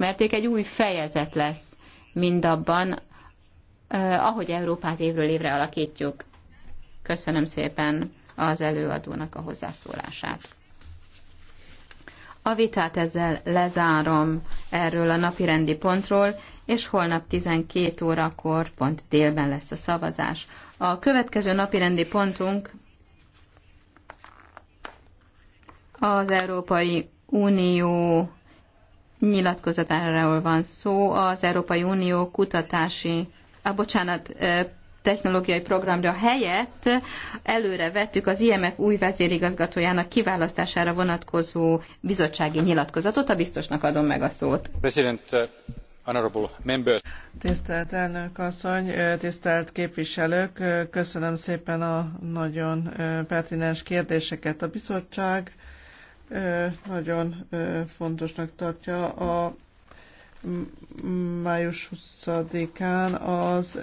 mérték egy új fejezet lesz mindabban, ahogy Európát évről évre alakítjuk. Köszönöm szépen az előadónak a hozzászólását. A vitát ezzel lezárom erről a napirendi pontról, és holnap 12 órakor, pont délben lesz a szavazás. A következő napirendi pontunk az Európai Unió nyilatkozatáról van szó az Európai Unió kutatási, a ah, bocsánat, technológiai programra helyett előre vettük az IMF új vezérigazgatójának kiválasztására vonatkozó bizottsági nyilatkozatot. A biztosnak adom meg a szót. President, uh, Tisztelt elnök asszony, tisztelt képviselők, köszönöm szépen a nagyon pertinens kérdéseket. A bizottság nagyon fontosnak tartja a május 20-án az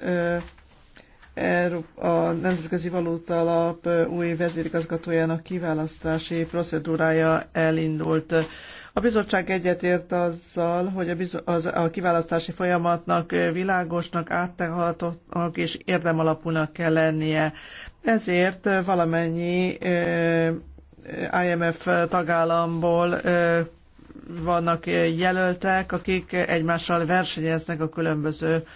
a Nemzetközi Valuta Alap új vezérigazgatójának kiválasztási procedúrája elindult. A bizottság egyetért azzal, hogy a, biz- az, a kiválasztási folyamatnak világosnak, áttehatnak és érdemalapúnak kell lennie. Ezért valamennyi IMF tagállamból vannak jelöltek, akik egymással versenyeznek a különböző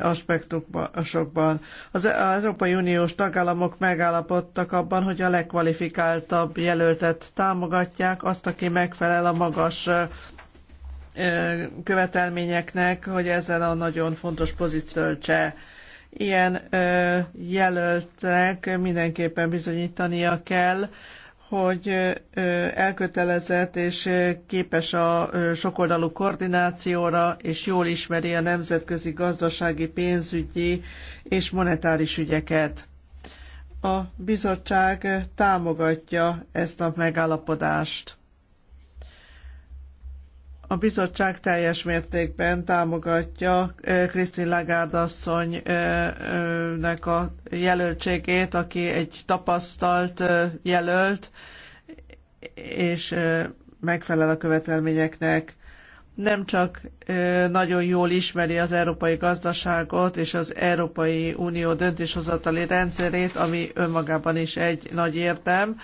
aspektusokban. Az Európai Uniós tagállamok megállapodtak abban, hogy a legkvalifikáltabb jelöltet támogatják, azt, aki megfelel a magas követelményeknek, hogy ezen a nagyon fontos pozíciót Ilyen jelöltnek mindenképpen bizonyítania kell, hogy elkötelezett és képes a sokoldalú koordinációra, és jól ismeri a nemzetközi gazdasági, pénzügyi és monetáris ügyeket. A bizottság támogatja ezt a megállapodást. A bizottság teljes mértékben támogatja Krisztin Lagarde asszonynak a jelöltségét, aki egy tapasztalt jelölt, és megfelel a követelményeknek. Nem csak nagyon jól ismeri az európai gazdaságot és az Európai Unió döntéshozatali rendszerét, ami önmagában is egy nagy érdem,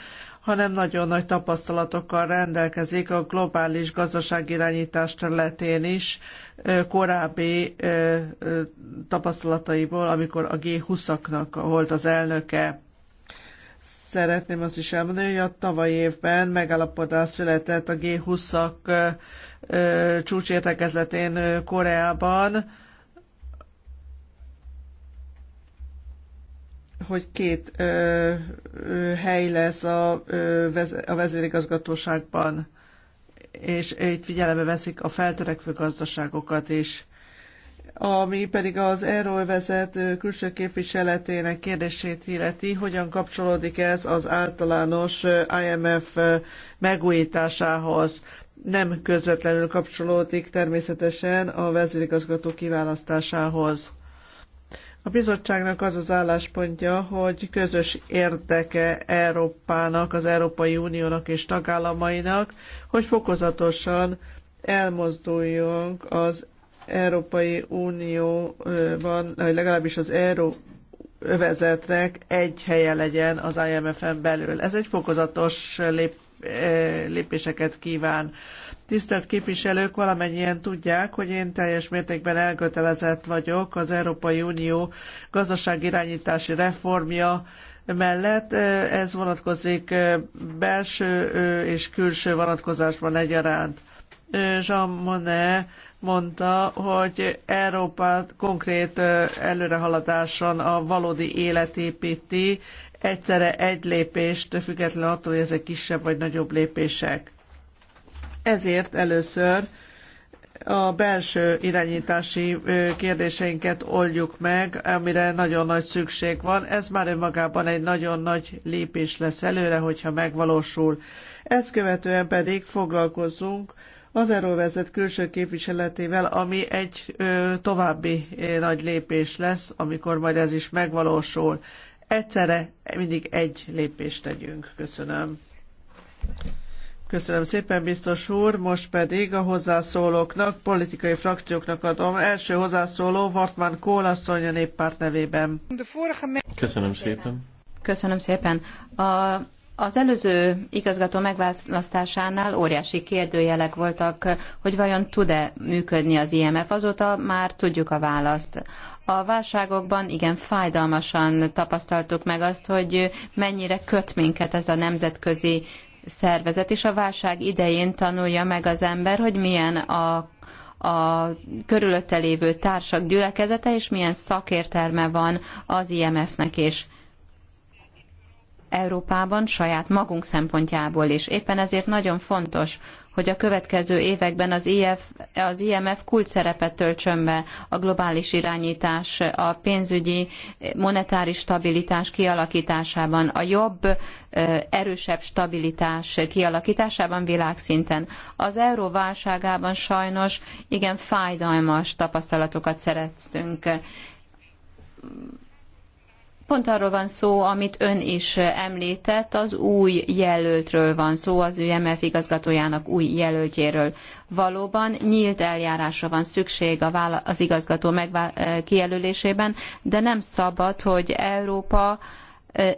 hanem nagyon nagy tapasztalatokkal rendelkezik a globális gazdaságirányítás területén is korábbi tapasztalataiból, amikor a G20-aknak volt az elnöke. Szeretném azt is elmondani, hogy a tavalyi évben megállapodás született a G20-ak csúcsértekezletén Koreában, hogy két ö, ö, hely lesz a, ö, vez, a vezérigazgatóságban, és itt figyelembe veszik a feltörekvő gazdaságokat is. Ami pedig az erről vezet külső képviseletének kérdését illeti, hogyan kapcsolódik ez az általános IMF megújításához. Nem közvetlenül kapcsolódik természetesen a vezérigazgató kiválasztásához a bizottságnak az az álláspontja, hogy közös érdeke Európának, az Európai Uniónak és tagállamainak, hogy fokozatosan elmozduljunk az Európai Unióban, vagy legalábbis az Euró övezetnek egy helye legyen az IMF-en belül. Ez egy fokozatos lép, Eh, lépéseket kíván. Tisztelt képviselők, valamennyien tudják, hogy én teljes mértékben elkötelezett vagyok az Európai Unió gazdaságirányítási reformja mellett. Eh, ez vonatkozik eh, belső és külső vonatkozásban egyaránt. Jean Monnet mondta, hogy Európát konkrét előrehaladáson a valódi élet építi, egyszerre egy lépést, függetlenül attól, hogy ezek kisebb vagy nagyobb lépések. Ezért először a belső irányítási kérdéseinket oldjuk meg, amire nagyon nagy szükség van. Ez már önmagában egy nagyon nagy lépés lesz előre, hogyha megvalósul. Ezt követően pedig foglalkozzunk az erővezet külső képviseletével, ami egy további nagy lépés lesz, amikor majd ez is megvalósul egyszerre mindig egy lépést tegyünk. Köszönöm. Köszönöm szépen, biztos úr. Most pedig a hozzászólóknak, politikai frakcióknak adom. Első hozzászóló Vartman Kólasszony a néppárt nevében. Köszönöm szépen. Köszönöm szépen. A, az előző igazgató megválasztásánál óriási kérdőjelek voltak, hogy vajon tud-e működni az IMF. Azóta már tudjuk a választ. A válságokban igen fájdalmasan tapasztaltuk meg azt, hogy mennyire köt minket ez a nemzetközi szervezet, és a válság idején tanulja meg az ember, hogy milyen a a körülötte lévő társak gyülekezete, és milyen szakértelme van az IMF-nek és Európában saját magunk szempontjából is. Éppen ezért nagyon fontos, hogy a következő években az, IF, e az IMF e kult szerepet töltsön be a globális irányítás, a pénzügyi monetáris stabilitás kialakításában, a jobb, erősebb stabilitás kialakításában világszinten. Az euró válságában sajnos igen fájdalmas tapasztalatokat szereztünk Pont arról van szó, amit ön is említett, az új jelöltről van szó, az UMF igazgatójának új jelöltjéről. Valóban nyílt eljárásra van szükség az igazgató megvá- eh, kijelölésében, de nem szabad, hogy Európa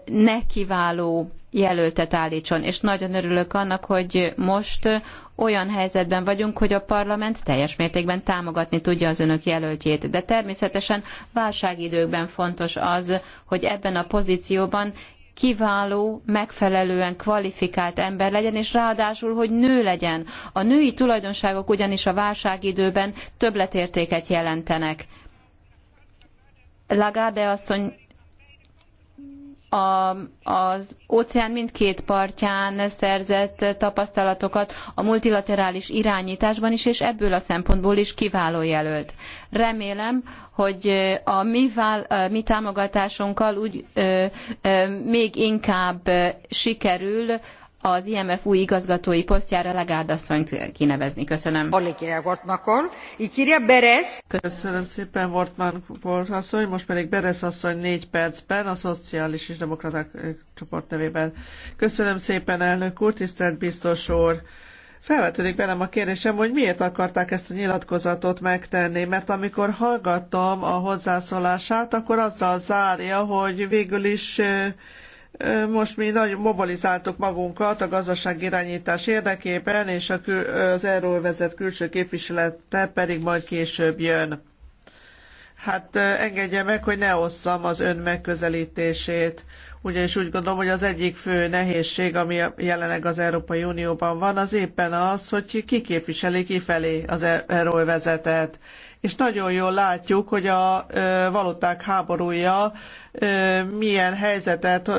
nekiváló jelöltet állítson. És nagyon örülök annak, hogy most olyan helyzetben vagyunk, hogy a parlament teljes mértékben támogatni tudja az önök jelöltjét. De természetesen válságidőkben fontos az, hogy ebben a pozícióban kiváló, megfelelően kvalifikált ember legyen, és ráadásul, hogy nő legyen. A női tulajdonságok ugyanis a válságidőben többletértéket jelentenek. Lagarde asszony a, az óceán mindkét partján szerzett tapasztalatokat a multilaterális irányításban is, és ebből a szempontból is kiváló jelölt. Remélem, hogy a mi, vál, a mi támogatásunkkal úgy ö, ö, még inkább sikerül az IMF új igazgatói posztjára Legárd asszonyt kinevezni. Köszönöm. Köszönöm szépen, Wortmann asszony, most pedig Beres asszony négy percben a Szociális és Demokraták csoport nevében. Köszönöm szépen, elnök úr, tisztelt biztos úr. Felvetődik bennem a kérdésem, hogy miért akarták ezt a nyilatkozatot megtenni, mert amikor hallgattam a hozzászólását, akkor azzal zárja, hogy végül is most mi nagyon mobilizáltuk magunkat a gazdaság irányítás érdekében, és az vezet külső képviselete pedig majd később jön. Hát engedje meg, hogy ne osszam az ön megközelítését, ugyanis úgy gondolom, hogy az egyik fő nehézség, ami jelenleg az Európai Unióban van, az éppen az, hogy ki képviseli kifelé az e- vezetet és nagyon jól látjuk, hogy a valuták háborúja milyen helyzetet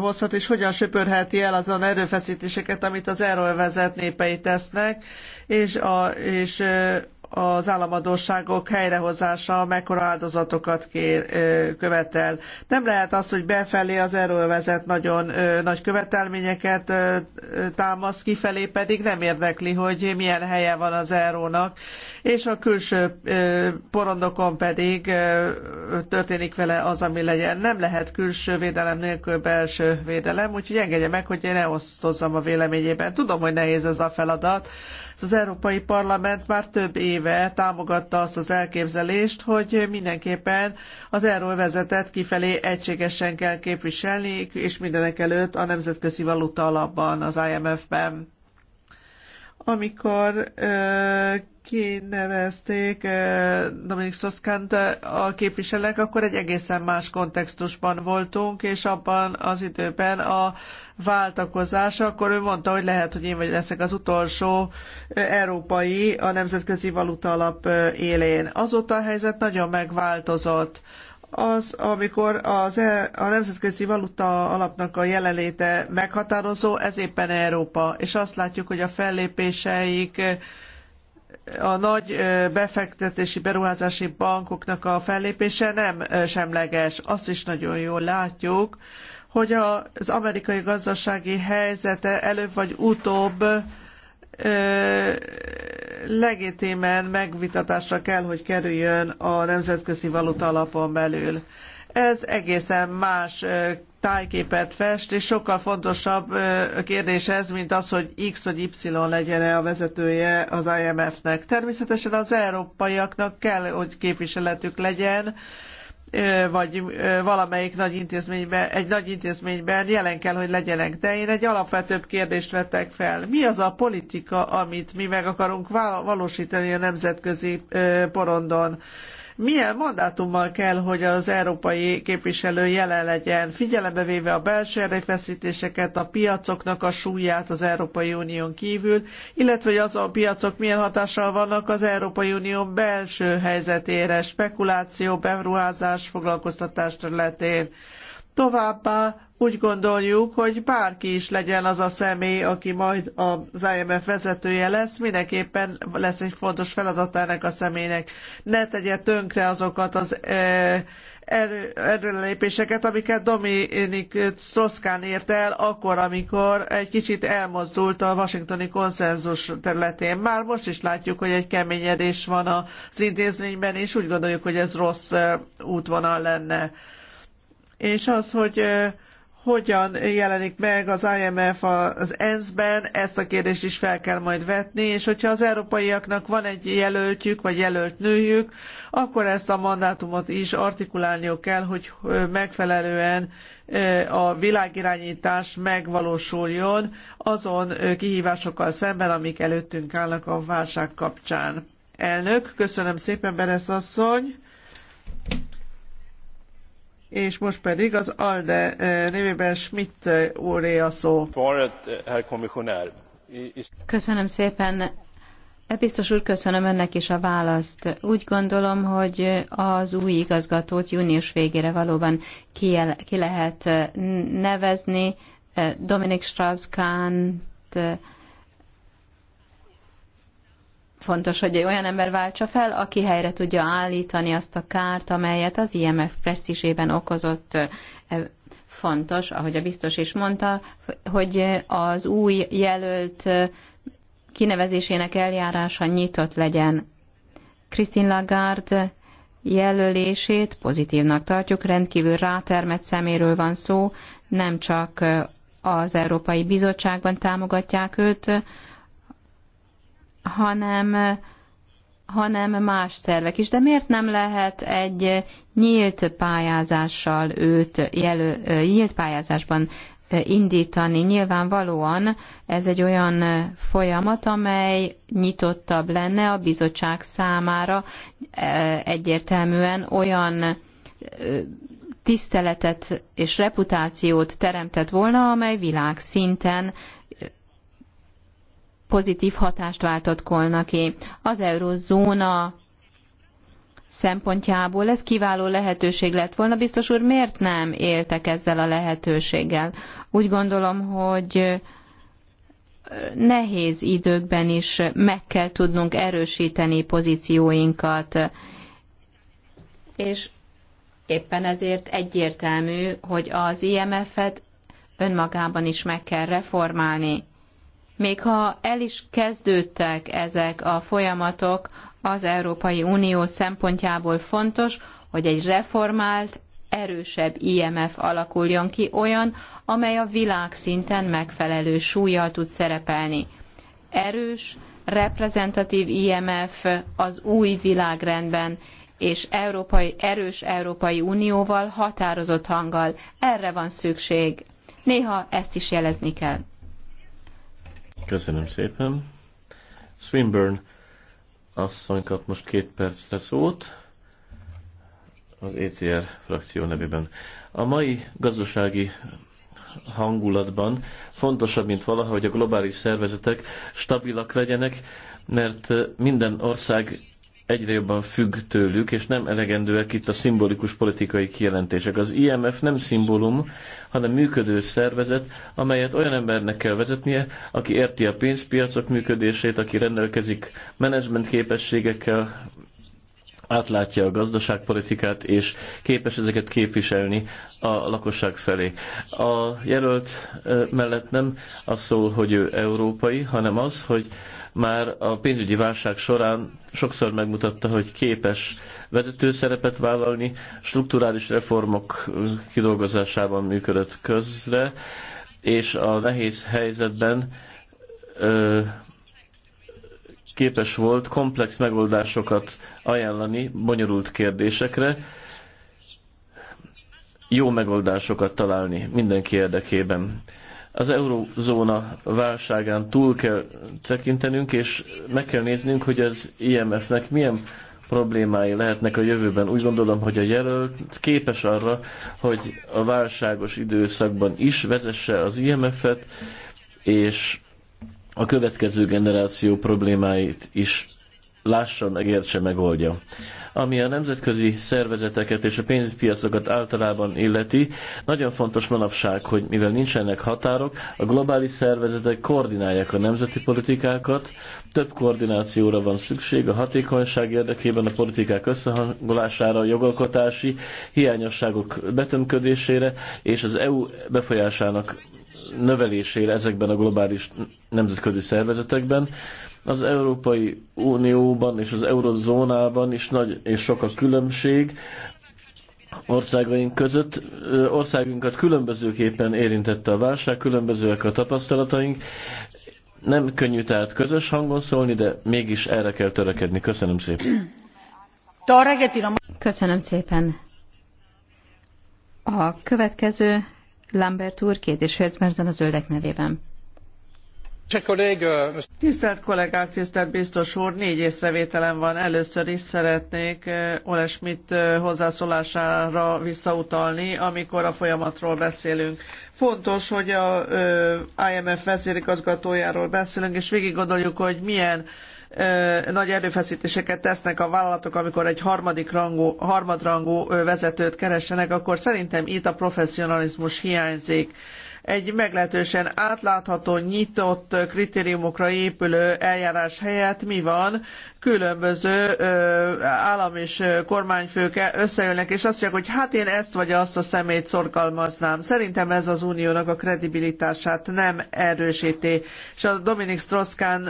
hozhat, és hogyan söpörheti el azon erőfeszítéseket, amit az erővezet népei tesznek, és, a, és az államadóságok helyrehozása mekkora áldozatokat kér, követel. Nem lehet az, hogy befelé az erővezet nagyon nagy követelményeket támaszt, kifelé pedig nem érdekli, hogy milyen helye van az eurónak, és a külső porondokon pedig történik vele az, ami legyen. Nem lehet külső védelem nélkül belső védelem, úgyhogy engedje meg, hogy én ne osztozzam a véleményében. Tudom, hogy nehéz ez a feladat, az Európai Parlament már több éve támogatta azt az elképzelést, hogy mindenképpen az euróvezetet kifelé egységesen kell képviselni, és mindenekelőtt a Nemzetközi Valuta Alapban, az IMF-ben amikor ö, kinevezték ö, Dominik Szoszkánt a képviselőnek, akkor egy egészen más kontextusban voltunk, és abban az időben a váltakozás, akkor ő mondta, hogy lehet, hogy én vagy leszek az utolsó európai a Nemzetközi Valuta Alap élén. Azóta a helyzet nagyon megváltozott az, amikor az, e, a nemzetközi valuta alapnak a jelenléte meghatározó, ez éppen Európa, és azt látjuk, hogy a fellépéseik a nagy befektetési beruházási bankoknak a fellépése nem semleges. Azt is nagyon jól látjuk, hogy az amerikai gazdasági helyzete előbb vagy utóbb legitimen megvitatásra kell, hogy kerüljön a nemzetközi valuta alapon belül. Ez egészen más tájképet fest, és sokkal fontosabb kérdés ez, mint az, hogy X vagy Y legyen-e a vezetője az IMF-nek. Természetesen az európaiaknak kell, hogy képviseletük legyen, vagy valamelyik nagy intézményben, egy nagy intézményben jelen kell, hogy legyenek. De én egy alapvetőbb kérdést vettek fel. Mi az a politika, amit mi meg akarunk valósítani a nemzetközi porondon? milyen mandátummal kell, hogy az európai képviselő jelen legyen, figyelembe véve a belső erőfeszítéseket, a piacoknak a súlyát az Európai Unión kívül, illetve hogy azon piacok milyen hatással vannak az Európai Unión belső helyzetére, spekuláció, beruházás, foglalkoztatás területén. Továbbá úgy gondoljuk, hogy bárki is legyen az a személy, aki majd az IMF vezetője lesz, mindenképpen lesz egy fontos feladat ennek a személynek. Ne tegye tönkre azokat az e, erőlépéseket, amiket Dominik Stroszkán ért el akkor, amikor egy kicsit elmozdult a washingtoni konszenzus területén. Már most is látjuk, hogy egy keményedés van az intézményben, és úgy gondoljuk, hogy ez rossz e, útvonal lenne. És az, hogy e, hogyan jelenik meg az IMF az ENSZ-ben, ezt a kérdést is fel kell majd vetni, és hogyha az európaiaknak van egy jelöltjük, vagy jelölt nőjük, akkor ezt a mandátumot is artikulálniuk kell, hogy megfelelően a világirányítás megvalósuljon azon kihívásokkal szemben, amik előttünk állnak a válság kapcsán. Elnök, köszönöm szépen, Beres asszony! és most pedig az ALDE eh, névében Schmidt eh, úré a szó. Eh, köszönöm szépen. E, biztos úr, köszönöm önnek is a választ. Úgy gondolom, hogy az új igazgatót június végére valóban ki, ki lehet nevezni. Dominik Strauss-Kahnt Fontos, hogy egy olyan ember váltsa fel, aki helyre tudja állítani azt a kárt, amelyet az IMF presztízsében okozott e, fontos, ahogy a biztos is mondta, hogy az új jelölt kinevezésének eljárása nyitott legyen. Christine Lagarde jelölését pozitívnak tartjuk, rendkívül rátermett szeméről van szó, nem csak az Európai Bizottságban támogatják őt, hanem, hanem más szervek is. De miért nem lehet egy nyílt pályázással őt jelö, nyílt pályázásban indítani. Nyilvánvalóan ez egy olyan folyamat, amely nyitottabb lenne a bizottság számára egyértelműen olyan tiszteletet és reputációt teremtett volna, amely világszinten pozitív hatást váltott volna ki. Az eurozóna szempontjából ez kiváló lehetőség lett volna. Biztos úr, miért nem éltek ezzel a lehetőséggel? Úgy gondolom, hogy nehéz időkben is meg kell tudnunk erősíteni pozícióinkat, és éppen ezért egyértelmű, hogy az IMF-et önmagában is meg kell reformálni. Még ha el is kezdődtek ezek a folyamatok, az Európai Unió szempontjából fontos, hogy egy reformált, erősebb IMF alakuljon ki olyan, amely a világszinten megfelelő súlyjal tud szerepelni. Erős, reprezentatív IMF az új világrendben, és európai, erős Európai Unióval, határozott hanggal. Erre van szükség. Néha ezt is jelezni kell. Köszönöm szépen. Swinburne asszony kap most két percre szót az ECR frakció nevében. A mai gazdasági hangulatban fontosabb, mint valaha, hogy a globális szervezetek stabilak legyenek, mert minden ország egyre jobban függ tőlük, és nem elegendőek itt a szimbolikus politikai kijelentések. Az IMF nem szimbólum, hanem működő szervezet, amelyet olyan embernek kell vezetnie, aki érti a pénzpiacok működését, aki rendelkezik menedzsment képességekkel, átlátja a gazdaságpolitikát, és képes ezeket képviselni a lakosság felé. A jelölt mellett nem az szól, hogy ő európai, hanem az, hogy már a pénzügyi válság során sokszor megmutatta, hogy képes vezető szerepet vállalni, strukturális reformok kidolgozásában működött közre, és a nehéz helyzetben ö, képes volt komplex megoldásokat ajánlani bonyolult kérdésekre, jó megoldásokat találni mindenki érdekében az eurózóna válságán túl kell tekintenünk, és meg kell néznünk, hogy az IMF-nek milyen problémái lehetnek a jövőben. Úgy gondolom, hogy a jelölt képes arra, hogy a válságos időszakban is vezesse az IMF-et, és a következő generáció problémáit is lássa, megértse, megoldja. Ami a nemzetközi szervezeteket és a pénzpiacokat általában illeti, nagyon fontos manapság, hogy mivel nincsenek határok, a globális szervezetek koordinálják a nemzeti politikákat, több koordinációra van szükség a hatékonyság érdekében, a politikák összehangolására, a jogalkotási hiányosságok betömködésére és az EU befolyásának növelésére ezekben a globális nemzetközi szervezetekben az Európai Unióban és az eurozónában is nagy és sok a különbség országaink között. Országunkat különbözőképpen érintette a válság, különbözőek a tapasztalataink. Nem könnyű tehát közös hangon szólni, de mégis erre kell törekedni. Köszönöm szépen. Köszönöm szépen. A következő Lambert úr két és fél percben a zöldek nevében. Euh, tisztelt kollégák, tisztelt biztos úr, négy észrevételem van. Először is szeretnék Ole Schmidt hozzászólására visszautalni, amikor a folyamatról beszélünk. Fontos, hogy a IMF vezérigazgatójáról beszélünk, és végig gondoljuk, hogy milyen nagy erőfeszítéseket tesznek a vállalatok, amikor egy harmadik rangú, harmadrangú vezetőt keressenek, akkor szerintem itt a professzionalizmus hiányzik egy meglehetősen átlátható, nyitott kritériumokra épülő eljárás helyett mi van? Különböző állam és kormányfők e- összejönnek, és azt mondják, hogy hát én ezt vagy azt a szemét szorgalmaznám. Szerintem ez az uniónak a kredibilitását nem erősíti. És a Dominik Strauss-Kahn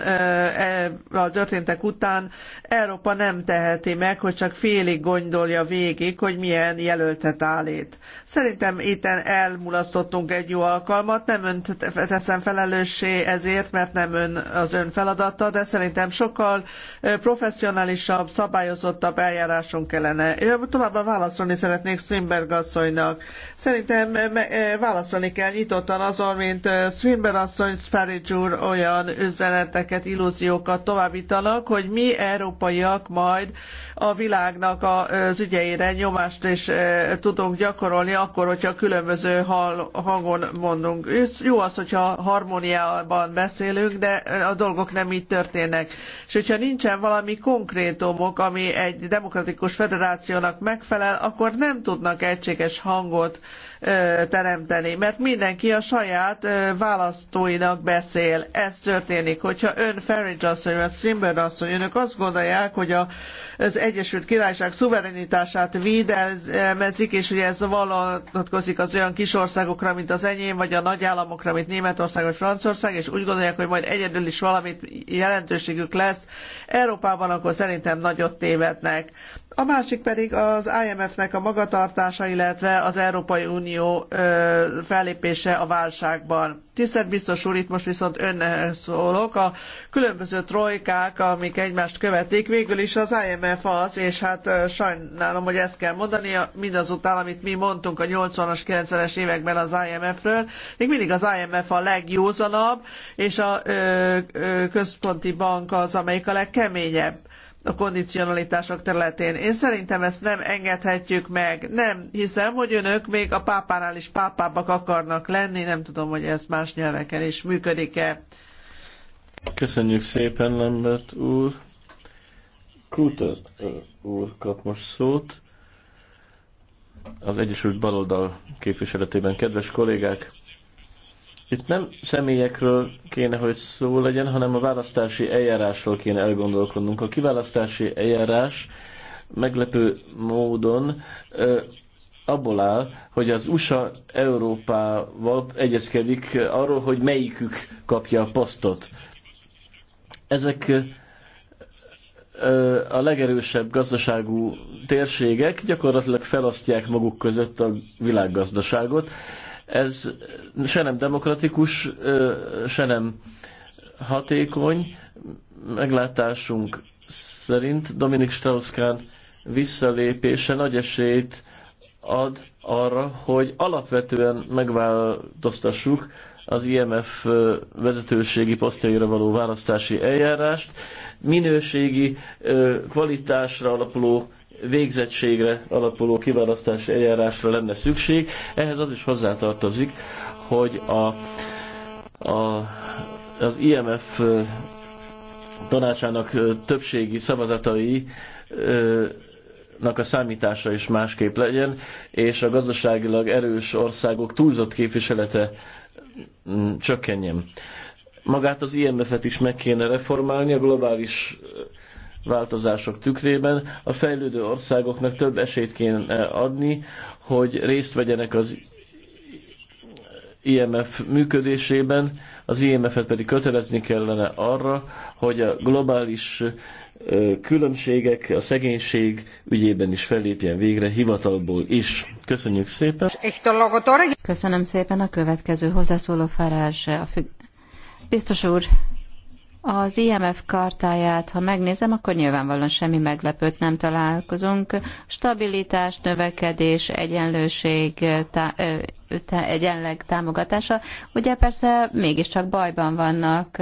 történtek után Európa nem teheti meg, hogy csak félig gondolja végig, hogy milyen jelöltet állít. Szerintem itten elmulasztottunk egy jó alkalmat, alkalmat, nem önt teszem felelőssé ezért, mert nem ön az ön feladata, de szerintem sokkal professzionálisabb, szabályozottabb eljárásunk kellene. Továbbá válaszolni szeretnék Swinberg asszonynak. Szerintem válaszolni kell nyitottan azon, mint Swinberg asszony, Farage úr olyan üzeneteket, illúziókat továbbítanak, hogy mi európaiak majd a világnak az ügyeire nyomást is tudunk gyakorolni akkor, hogyha különböző hangon mond mondunk. Jó az, hogyha harmóniában beszélünk, de a dolgok nem így történnek. És hogyha nincsen valami konkrétumok, ami egy demokratikus federációnak megfelel, akkor nem tudnak egységes hangot teremteni, mert mindenki a saját választóinak beszél. Ez történik. Hogyha ön Farage asszony, vagy Swinburne asszony, önök azt gondolják, hogy a, az Egyesült Királyság szuverenitását védelmezik, és hogy ez vonatkozik az olyan kis országokra, mint az enyém, vagy a nagy államokra, mint Németország vagy Franciaország, és úgy gondolják, hogy majd egyedül is valamit jelentőségük lesz Európában, akkor szerintem nagyot tévednek. A másik pedig az IMF-nek a magatartása, illetve az Európai Unió Unió fellépése a válságban. Tisztelt biztos úr, itt most viszont önnel szólok. A különböző trojkák, amik egymást követik, végül is az IMF az, és hát sajnálom, hogy ezt kell mondani, mindazután, amit mi mondtunk a 80-as, 90-es években az IMF-ről, még mindig az IMF a legjózanabb, és a ö, ö, központi bank az, amelyik a legkeményebb a kondicionalitások területén. Én szerintem ezt nem engedhetjük meg. Nem hiszem, hogy önök még a pápánál is pápábbak akarnak lenni. Nem tudom, hogy ez más nyelveken is működik-e. Köszönjük szépen, Lambert úr. Kruter úr kap most szót. Az Egyesült Baloldal képviseletében, kedves kollégák, itt nem személyekről kéne, hogy szó legyen, hanem a választási eljárásról kéne elgondolkodnunk. A kiválasztási eljárás meglepő módon ö, abból áll, hogy az USA Európával egyezkedik arról, hogy melyikük kapja a posztot. Ezek ö, a legerősebb gazdaságú térségek gyakorlatilag felosztják maguk között a világgazdaságot, ez se nem demokratikus, se nem hatékony. Meglátásunk szerint Dominik Strauss-Kahn visszalépése nagy esélyt ad arra, hogy alapvetően megváltoztassuk az IMF vezetőségi posztjaira való választási eljárást, minőségi, kvalitásra alapuló végzettségre alapuló kiválasztási eljárásra lenne szükség. Ehhez az is hozzátartozik, hogy a, a, az IMF tanácsának többségi szavazatai nak a számítása is másképp legyen, és a gazdaságilag erős országok túlzott képviselete mm, csökkenjen. Magát az IMF-et is meg kéne reformálni, a globális változások tükrében a fejlődő országoknak több esélyt kéne eh, adni, hogy részt vegyenek az IMF működésében, az IMF-et pedig kötelezni kellene arra, hogy a globális eh, különbségek, a szegénység ügyében is fellépjen végre, hivatalból is. Köszönjük szépen! Köszönöm szépen a következő hozzászóló Farázs. A függ... Biztos úr, az IMF kartáját, ha megnézem, akkor nyilvánvalóan semmi meglepőt nem találkozunk. Stabilitás, növekedés, egyenlőség, tá- egyenleg támogatása. Ugye persze mégiscsak bajban vannak,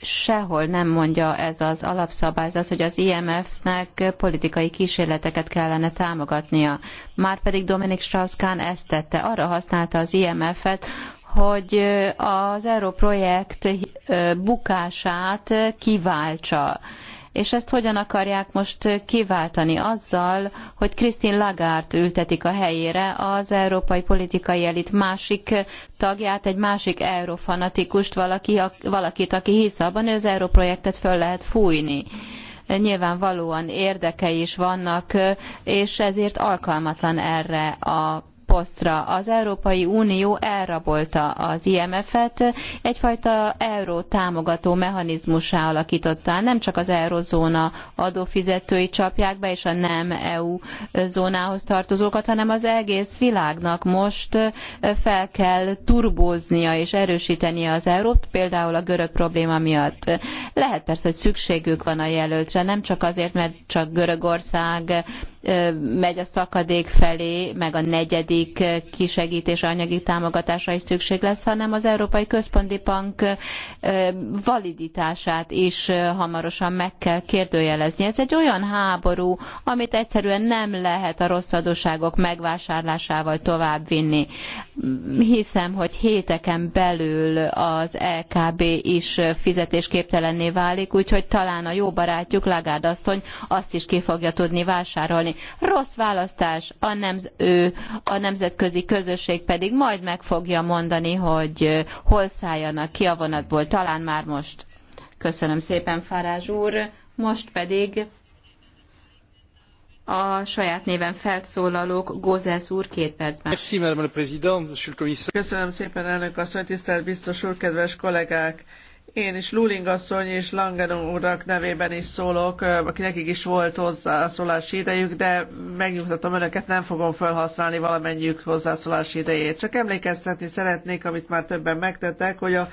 sehol nem mondja ez az alapszabályzat, hogy az IMF-nek politikai kísérleteket kellene támogatnia. Márpedig Dominik Strauss-Kahn ezt tette, arra használta az IMF-et, hogy az Europrojekt bukását kiváltsa. És ezt hogyan akarják most kiváltani? Azzal, hogy Christine Lagarde ültetik a helyére az európai politikai elit másik tagját, egy másik eurofanatikust, valaki, valakit, aki hisz abban, hogy az európrojektet föl lehet fújni nyilvánvalóan érdekei is vannak, és ezért alkalmatlan erre a posztra. Az Európai Unió elrabolta az IMF-et, egyfajta euró támogató mechanizmussá alakította. Nem csak az eurozóna adófizetői csapják be, és a nem EU zónához tartozókat, hanem az egész világnak most fel kell turbóznia és erősítenie az eurót, például a görög probléma miatt. Lehet persze, hogy szükségük van a jelöltre, nem csak azért, mert csak Görögország megy a szakadék felé, meg a negyedik kisegítés anyagi támogatásra is szükség lesz, hanem az Európai Központi Bank validitását is hamarosan meg kell kérdőjelezni. Ez egy olyan háború, amit egyszerűen nem lehet a rossz adóságok megvásárlásával továbbvinni. Hiszem, hogy héteken belül az LKB is fizetésképtelenné válik, úgyhogy talán a jó barátjuk Lagarde asszony azt is ki fogja tudni vásárolni tenni. Rossz választás, a, nemz, ő, a nemzetközi közösség pedig majd meg fogja mondani, hogy hol szálljanak ki a vonatból, talán már most. Köszönöm szépen, Farázs úr. Most pedig a saját néven felszólalók Gózes úr két percben. Köszönöm szépen, elnök asszony, tisztelt biztos úr, kedves kollégák! Én is Luling asszony és Langenó urak nevében is szólok, akinek is volt hozzászólási idejük, de megnyugtatom önöket, nem fogom felhasználni valamennyiük hozzászólási idejét. Csak emlékeztetni szeretnék, amit már többen megtettek, hogy a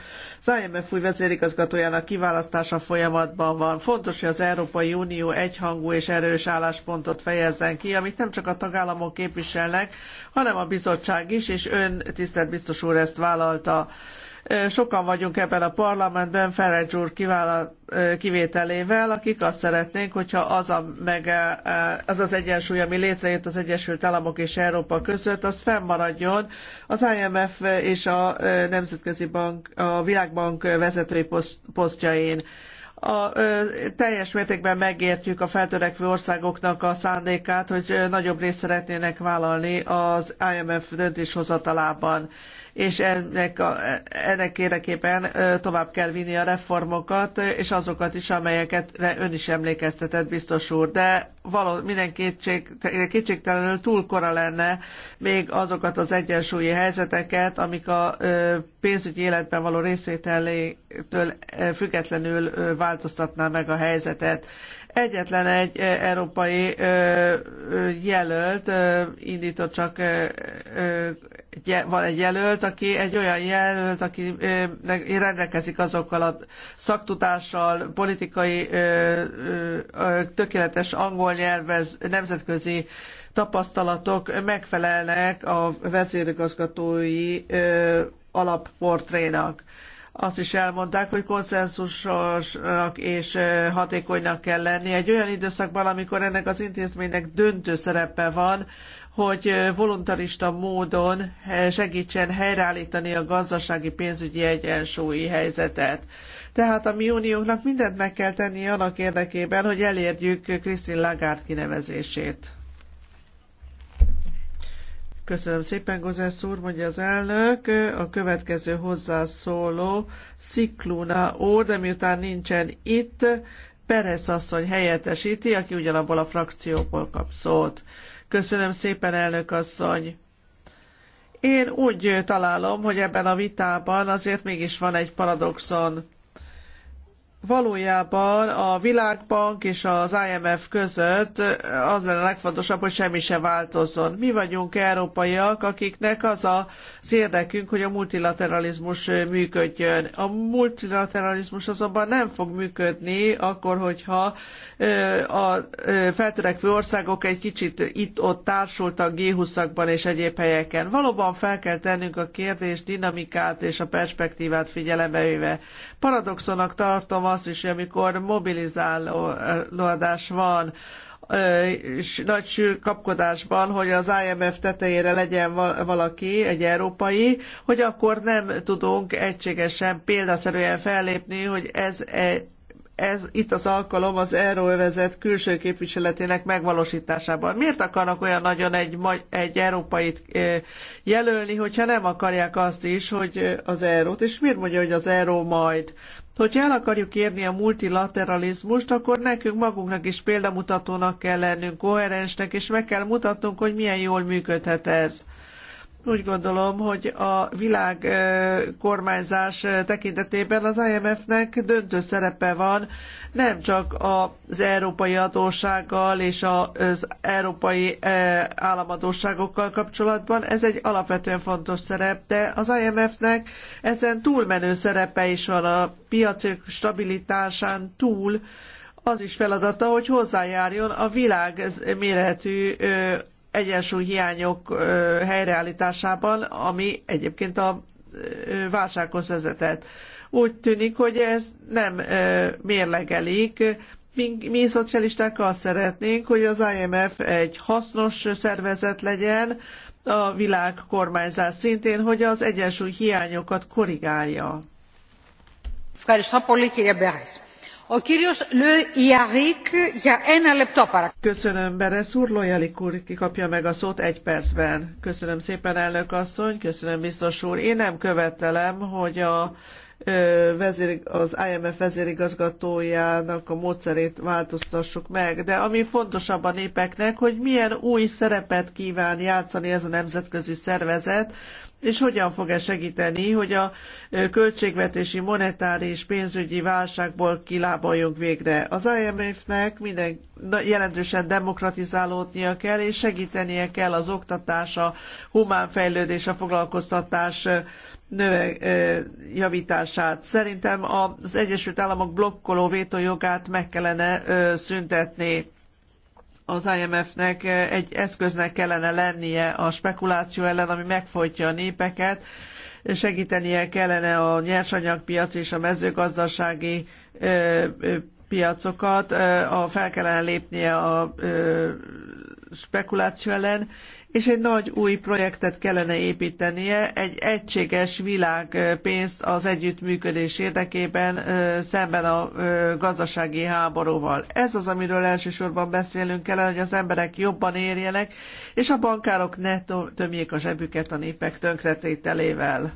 IMF új vezérigazgatójának kiválasztása folyamatban van. Fontos, hogy az Európai Unió egyhangú és erős álláspontot fejezzen ki, amit nem csak a tagállamok képviselnek, hanem a bizottság is, és ön, tisztelt biztos úr, ezt vállalta Sokan vagyunk ebben a parlamentben, Ferenc úr kivételével, akik azt szeretnénk, hogyha az, a meg, az, az egyensúly, ami létrejött az Egyesült Államok és Európa között, az fennmaradjon. Az IMF és a Nemzetközi Bank, a Világbank vezetői posztjain a, ö, teljes mértékben megértjük a feltörekvő országoknak a szándékát, hogy nagyobb részt szeretnének vállalni az IMF döntéshozatalában és ennek, a, ennek érdekében tovább kell vinni a reformokat, és azokat is, amelyeket ön is emlékeztetett, biztos úr. De való, minden kétség, kétségtelenül túl kora lenne még azokat az egyensúlyi helyzeteket, amik a pénzügyi életben való részvételétől függetlenül változtatná meg a helyzetet. Egyetlen egy európai jelölt indított csak van egy jelölt, aki egy olyan jelölt, aki rendelkezik azokkal a szaktudással, politikai tökéletes angol nyelvez, nemzetközi tapasztalatok megfelelnek a vezérigazgatói alapportrénak azt is elmondták, hogy konszenzusosnak és hatékonynak kell lenni egy olyan időszakban, amikor ennek az intézménynek döntő szerepe van hogy voluntarista módon segítsen helyreállítani a gazdasági pénzügyi egyensúlyi helyzetet. Tehát a mi uniónknak mindent meg kell tenni annak érdekében, hogy elérjük Krisztin Lagarde kinevezését. Köszönöm szépen, Gozesz úr, mondja az elnök. A következő hozzászóló Szikluna úr, de miután nincsen itt, Perez asszony helyettesíti, aki ugyanabból a frakcióból kap szót. Köszönöm szépen, elnök asszony! Én úgy találom, hogy ebben a vitában azért mégis van egy paradoxon valójában a Világbank és az IMF között az lenne a legfontosabb, hogy semmi se változzon. Mi vagyunk európaiak, akiknek az az érdekünk, hogy a multilateralizmus működjön. A multilateralizmus azonban nem fog működni akkor, hogyha a feltörekvő országok egy kicsit itt-ott társultak G20-akban és egyéb helyeken. Valóban fel kell tennünk a kérdés dinamikát és a perspektívát figyelembe véve. Paradoxonnak tartom azt is, amikor mobilizálódás van, és nagy kapkodásban, hogy az IMF tetejére legyen valaki, egy európai, hogy akkor nem tudunk egységesen, példaszerűen fellépni, hogy ez e, ez itt az alkalom az euróövezet külső képviseletének megvalósításában. Miért akarnak olyan nagyon egy, egy európait jelölni, hogyha nem akarják azt is, hogy az eurót, és miért mondja, hogy az euró majd? Hogy el akarjuk érni a multilateralizmust, akkor nekünk magunknak is példamutatónak kell lennünk, koherensnek, és meg kell mutatnunk, hogy milyen jól működhet ez úgy gondolom, hogy a világ kormányzás tekintetében az IMF-nek döntő szerepe van, nem csak az európai adóssággal és az európai államadóságokkal kapcsolatban, ez egy alapvetően fontos szerep, de az IMF-nek ezen túlmenő szerepe is van a piacok stabilitásán túl, az is feladata, hogy hozzájárjon a világ méretű egyensúlyhiányok helyreállításában, ami egyébként a válsághoz vezetett. Úgy tűnik, hogy ez nem mérlegelik. Mi, mi szocialisták azt szeretnénk, hogy az IMF egy hasznos szervezet legyen, a világ kormányzás szintén, hogy az egyensúly hiányokat korrigálja. Köszönöm. Köszönöm, Beres úr, Lojelik úr kikapja meg a szót egy percben. Köszönöm szépen, elnök asszony, köszönöm, biztos úr. Én nem követelem, hogy a vezér, az IMF vezérigazgatójának a módszerét változtassuk meg, de ami fontosabb a népeknek, hogy milyen új szerepet kíván játszani ez a nemzetközi szervezet, és hogyan fog-e segíteni, hogy a költségvetési, monetáris, pénzügyi válságból kilábaljunk végre. Az IMF-nek minden jelentősen demokratizálódnia kell, és segítenie kell az oktatás, a humán fejlődés, a foglalkoztatás növe, javítását. Szerintem az Egyesült Államok blokkoló vétójogát meg kellene szüntetni az IMF-nek eh, egy eszköznek kellene lennie a spekuláció ellen, ami megfojtja a népeket, segítenie kellene a nyersanyagpiac és a mezőgazdasági eh, eh, piacokat, a fel kellene lépnie a spekuláció ellen, és egy nagy új projektet kellene építenie, egy egységes világpénzt az együttműködés érdekében szemben a gazdasági háborúval. Ez az, amiről elsősorban beszélünk kellene, hogy az emberek jobban érjenek, és a bankárok ne tömjék a zsebüket a népek tönkretételével.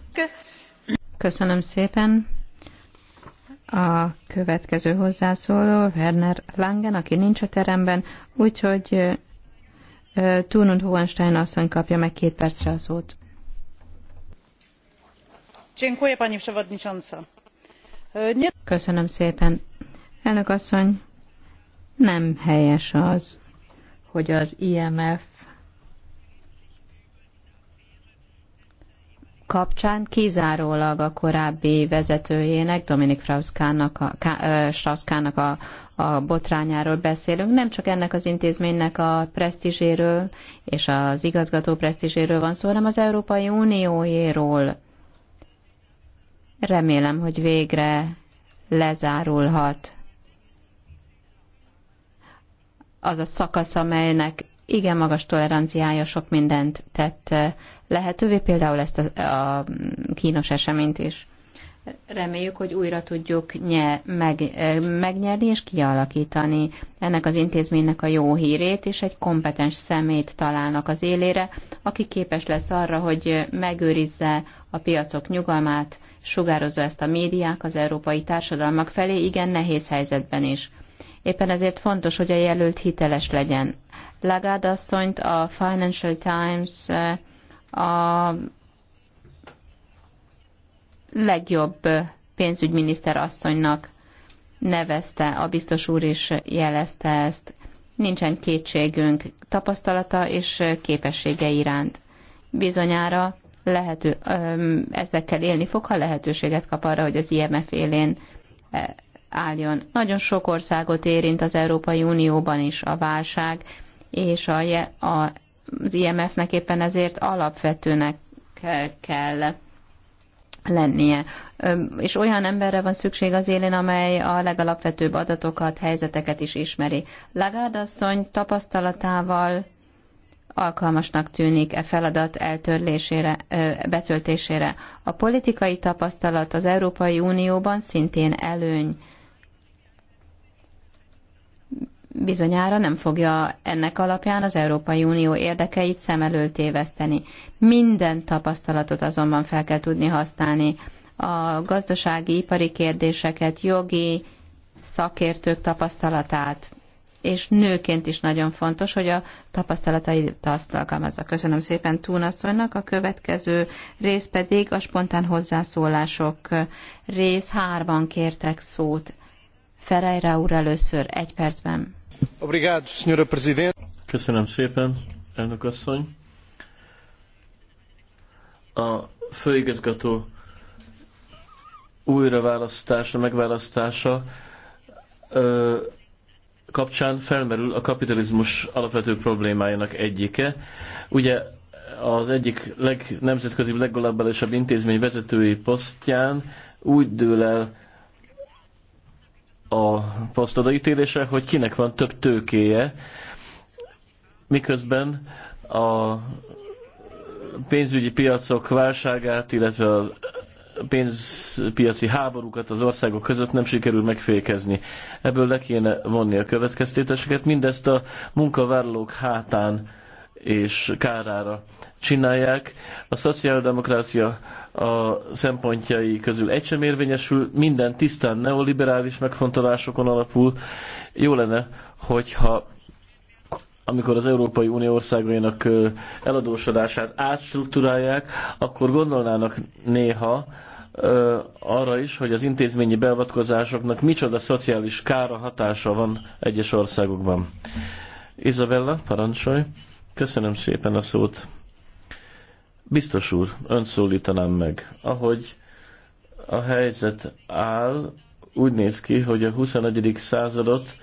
Köszönöm szépen. A következő hozzászóló Werner Langen, aki nincs a teremben, úgyhogy Thun und Hohenstein asszony kapja meg két percre a szót. E, Köszönöm szépen. Elnök asszony, nem helyes az, hogy az IMF kapcsán kizárólag a korábbi vezetőjének, Dominik Strauss-Kánnak a, a, a botrányáról beszélünk, nem csak ennek az intézménynek a presztízséről és az igazgató presztízséről van szó, hanem az Európai Uniójéről. Remélem, hogy végre lezárulhat az a szakasz, amelynek igen magas toleranciája sok mindent tett lehetővé, például ezt a, a kínos eseményt is. Reméljük, hogy újra tudjuk nye, meg, megnyerni és kialakítani ennek az intézménynek a jó hírét, és egy kompetens szemét találnak az élére, aki képes lesz arra, hogy megőrizze a piacok nyugalmát, sugározza ezt a médiák az európai társadalmak felé, igen nehéz helyzetben is. Éppen ezért fontos, hogy a jelölt hiteles legyen. Lagarde asszonyt a Financial Times a legjobb pénzügyminiszter asszonynak nevezte, a biztos úr is jelezte ezt. Nincsen kétségünk tapasztalata és képessége iránt. Bizonyára lehető, ezekkel élni fog, ha lehetőséget kap arra, hogy az IMF élén e, álljon. Nagyon sok országot érint az Európai Unióban is a válság, és a, a az IMF-nek éppen ezért alapvetőnek kell lennie. És olyan emberre van szükség az élén, amely a legalapvetőbb adatokat, helyzeteket is ismeri. Lagarde asszony tapasztalatával alkalmasnak tűnik e feladat eltörlésére, betöltésére. A politikai tapasztalat az Európai Unióban szintén előny bizonyára nem fogja ennek alapján az Európai Unió érdekeit szem elől téveszteni. Minden tapasztalatot azonban fel kell tudni használni. A gazdasági, ipari kérdéseket, jogi szakértők tapasztalatát, és nőként is nagyon fontos, hogy a tapasztalatait azt alkalmazza. Köszönöm szépen Túnasszonynak. A következő rész pedig a spontán hozzászólások rész hárban kértek szót. Ferreira úr először egy percben. Obrigado, senhora presidente. Köszönöm szépen, elnök asszony. A főigazgató újraválasztása, megválasztása ö, kapcsán felmerül a kapitalizmus alapvető problémájának egyike. Ugye az egyik leg, nemzetközi legglobálisabb intézmény vezetői posztján úgy dől el a poszt odaítélése, hogy kinek van több tőkéje, miközben a pénzügyi piacok válságát, illetve a pénzpiaci háborúkat az országok között nem sikerül megfékezni. Ebből le kéne vonni a következtéteseket. Mindezt a munkavállalók hátán és kárára csinálják. A szociáldemokrácia a szempontjai közül egy sem érvényesül, minden tisztán neoliberális megfontolásokon alapul. Jó lenne, hogyha amikor az Európai Unió országainak eladósodását átstruktúrálják, akkor gondolnának néha arra is, hogy az intézményi beavatkozásoknak micsoda szociális kára hatása van egyes országokban. Izabella, parancsolj! Köszönöm szépen a szót! Biztos úr, ön szólítanám meg. Ahogy a helyzet áll, úgy néz ki, hogy a 21. századot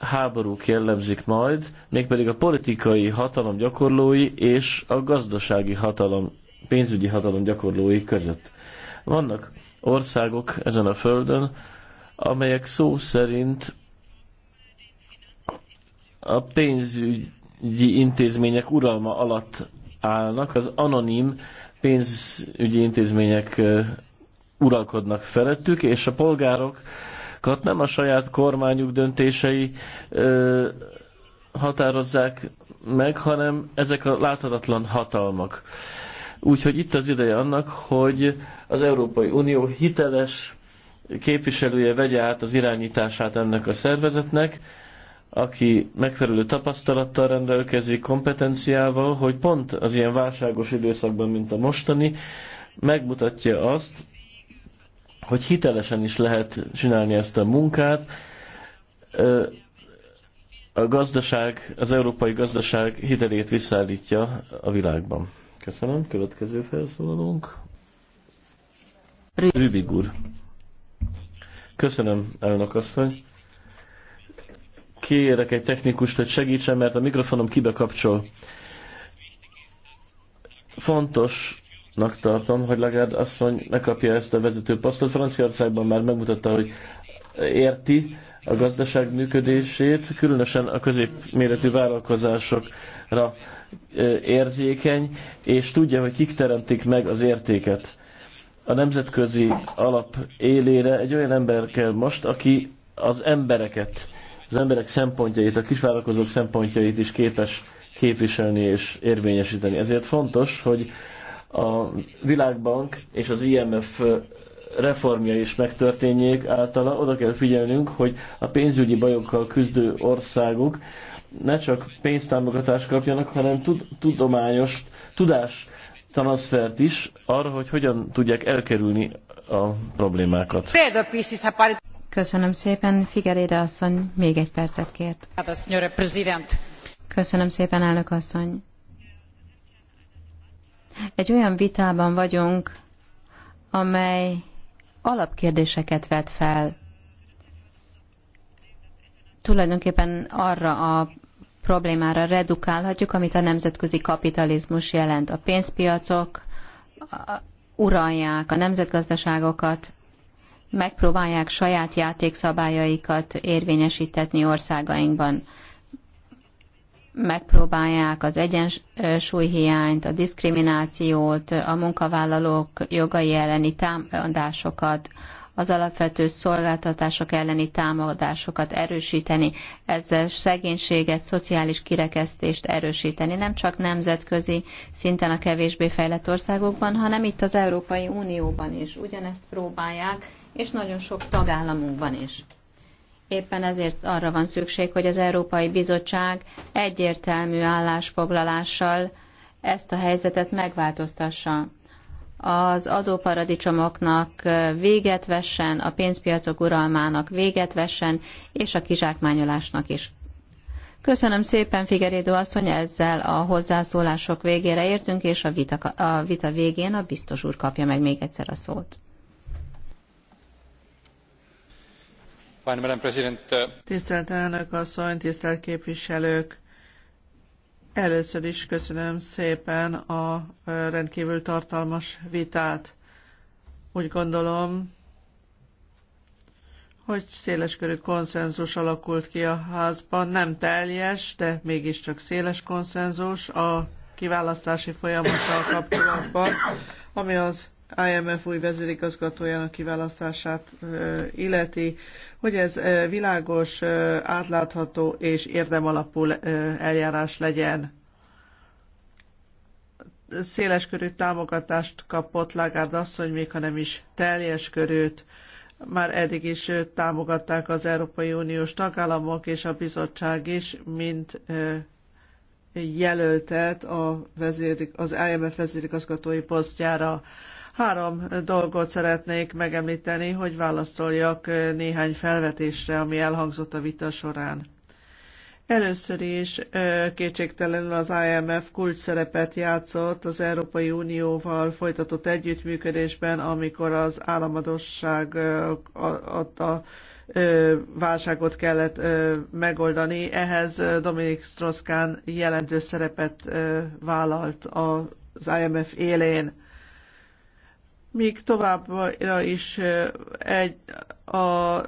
háborúk jellemzik majd, mégpedig a politikai hatalom gyakorlói és a gazdasági hatalom, pénzügyi hatalom gyakorlói között. Vannak országok ezen a földön, amelyek szó szerint a pénzügyi intézmények uralma alatt állnak, az anonim pénzügyi intézmények uralkodnak felettük, és a polgárokat nem a saját kormányuk döntései határozzák meg, hanem ezek a láthatatlan hatalmak. Úgyhogy itt az ideje annak, hogy az Európai Unió hiteles képviselője vegye át az irányítását ennek a szervezetnek, aki megfelelő tapasztalattal rendelkezik, kompetenciával, hogy pont az ilyen válságos időszakban, mint a mostani, megmutatja azt, hogy hitelesen is lehet csinálni ezt a munkát. A gazdaság, az európai gazdaság hitelét visszaállítja a világban. Köszönöm. Következő felszólalónk. Rübig úr. Köszönöm, elnök asszony kérek egy technikust, hogy segítsen, mert a mikrofonom kibekapcsol. Fontosnak tartom, hogy legalább asszony ne megkapja ezt a vezető posztot. Franciaországban már megmutatta, hogy érti a gazdaság működését, különösen a középméretű vállalkozásokra érzékeny, és tudja, hogy kik teremtik meg az értéket. A nemzetközi alap élére egy olyan ember kell most, aki az embereket az emberek szempontjait, a kisvállalkozók szempontjait is képes képviselni és érvényesíteni. Ezért fontos, hogy a Világbank és az IMF reformja is megtörténjék általa, oda kell figyelnünk, hogy a pénzügyi bajokkal küzdő országok ne csak pénztámogatást kapjanak, hanem tud, tudományos tudás transfert is arra, hogy hogyan tudják elkerülni a problémákat. Köszönöm szépen. Figeléde asszony még egy percet kért. Köszönöm szépen, elnök asszony. Egy olyan vitában vagyunk, amely alapkérdéseket vet fel. Tulajdonképpen arra a problémára redukálhatjuk, amit a nemzetközi kapitalizmus jelent. A pénzpiacok uralják a nemzetgazdaságokat, megpróbálják saját játékszabályaikat érvényesítetni országainkban. Megpróbálják az egyensúlyhiányt, a diszkriminációt, a munkavállalók jogai elleni támadásokat, az alapvető szolgáltatások elleni támadásokat erősíteni, ezzel szegénységet, szociális kirekesztést erősíteni, nem csak nemzetközi szinten a kevésbé fejlett országokban, hanem itt az Európai Unióban is. Ugyanezt próbálják és nagyon sok tagállamunkban is. Éppen ezért arra van szükség, hogy az Európai Bizottság egyértelmű állásfoglalással ezt a helyzetet megváltoztassa. Az adóparadicsomoknak véget vessen, a pénzpiacok uralmának véget vessen, és a kizsákmányolásnak is. Köszönöm szépen, Figerédo asszony, ezzel a hozzászólások végére értünk, és a vita, a vita végén a biztos úr kapja meg még egyszer a szót. E, tisztelt elnök asszony, tisztelt képviselők! Először is köszönöm szépen a e, rendkívül tartalmas vitát. Úgy gondolom, hogy széleskörű konszenzus alakult ki a házban, nem teljes, de mégiscsak széles konszenzus a kiválasztási folyamattal kapcsolatban, ami az IMF új vezérigazgatójának kiválasztását e, illeti hogy ez világos, átlátható és érdemalapú eljárás legyen. Széles körű támogatást kapott Lagarde asszony, még ha nem is teljes körűt. Már eddig is támogatták az Európai Uniós tagállamok és a bizottság is, mint jelöltet a vezérik, az IMF vezérigazgatói posztjára. Három dolgot szeretnék megemlíteni, hogy válaszoljak néhány felvetésre, ami elhangzott a vita során. Először is kétségtelenül az IMF kulcs szerepet játszott az Európai Unióval folytatott együttműködésben, amikor az államadosság adta válságot kellett megoldani. Ehhez Dominik Strauss-Kahn jelentős szerepet vállalt az IMF élén míg továbbra is egy, a,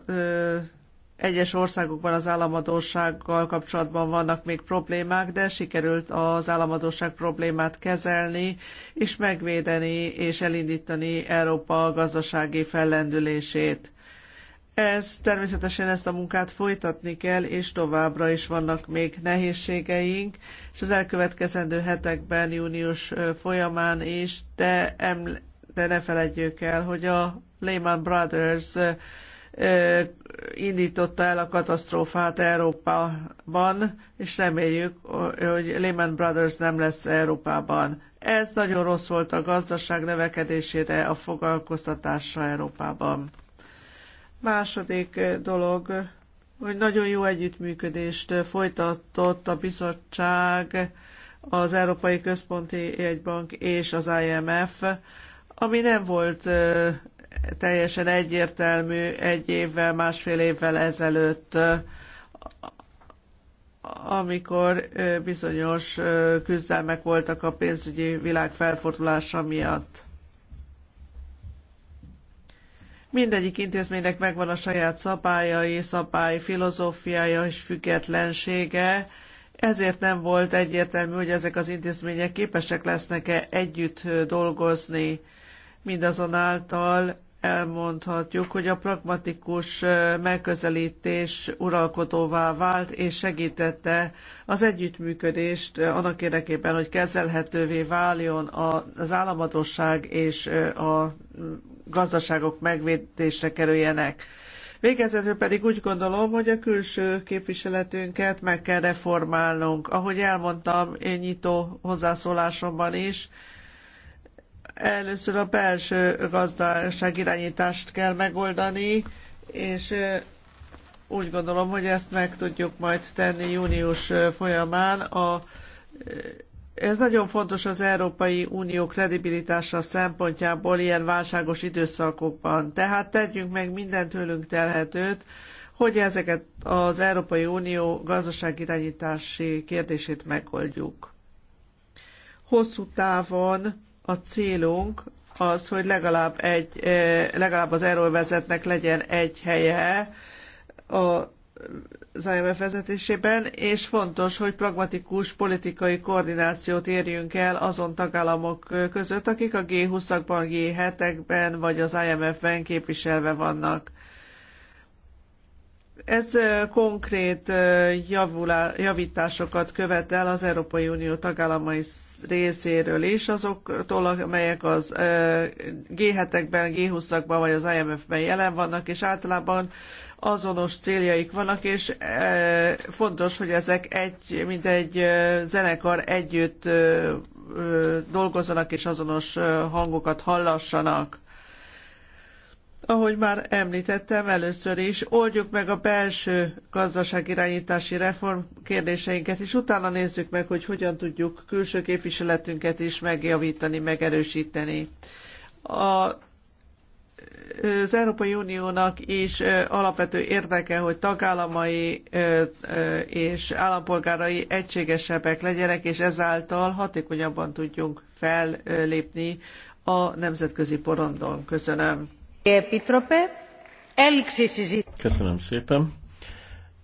egyes országokban az államadósággal kapcsolatban vannak még problémák, de sikerült az államadóság problémát kezelni és megvédeni és elindítani Európa gazdasági fellendülését. Ez természetesen ezt a munkát folytatni kell, és továbbra is vannak még nehézségeink, és az elkövetkezendő hetekben, június folyamán is, de eml- de ne felejtjük el, hogy a Lehman Brothers indította el a katasztrófát Európában, és reméljük, hogy Lehman Brothers nem lesz Európában. Ez nagyon rossz volt a gazdaság növekedésére, a foglalkoztatásra Európában. Második dolog, hogy nagyon jó együttműködést folytatott a bizottság, az Európai Központi egybank és az IMF ami nem volt teljesen egyértelmű egy évvel, másfél évvel ezelőtt, amikor bizonyos küzdelmek voltak a pénzügyi világ felfordulása miatt. Mindegyik intézménynek megvan a saját szabályai, szabály filozófiája és függetlensége, ezért nem volt egyértelmű, hogy ezek az intézmények képesek lesznek-e együtt dolgozni Mindazonáltal elmondhatjuk, hogy a pragmatikus megközelítés uralkodóvá vált és segítette az együttműködést annak érdekében, hogy kezelhetővé váljon az államadóság és a gazdaságok megvédésre kerüljenek. Végezetül pedig úgy gondolom, hogy a külső képviseletünket meg kell reformálnunk. Ahogy elmondtam én nyitó hozzászólásomban is, Először a belső irányítást kell megoldani, és úgy gondolom, hogy ezt meg tudjuk majd tenni június folyamán. A, ez nagyon fontos az Európai Unió kredibilitása szempontjából ilyen válságos időszakokban. Tehát tegyünk meg mindent tőlünk telhetőt, hogy ezeket az Európai Unió gazdaságirányítási kérdését megoldjuk. Hosszú távon a célunk az, hogy legalább, egy, legalább az vezetnek legyen egy helye a az IMF vezetésében, és fontos, hogy pragmatikus politikai koordinációt érjünk el azon tagállamok között, akik a G20-akban, G7-ekben vagy az IMF-ben képviselve vannak. Ez konkrét javulá, javításokat követel az Európai Unió tagállamai részéről is, azoktól, amelyek az G7-ekben, G20-akban vagy az IMF-ben jelen vannak, és általában azonos céljaik vannak, és fontos, hogy ezek egy, mint egy zenekar együtt dolgozzanak és azonos hangokat hallassanak. Ahogy már említettem először is, oldjuk meg a belső gazdaságirányítási reform kérdéseinket, és utána nézzük meg, hogy hogyan tudjuk külső képviseletünket is megjavítani, megerősíteni. A az Európai Uniónak is alapvető érdeke, hogy tagállamai és állampolgárai egységesebbek legyenek, és ezáltal hatékonyabban tudjunk fellépni a nemzetközi porondon. Köszönöm. Köszönöm szépen.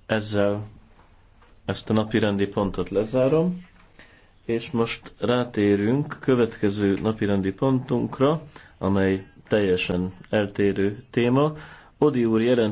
Ezzel ezt a napi rendi pontot lezárom, és most rátérünk következő napi rendi pontunkra, amely teljesen eltérő téma. Odi úr jelent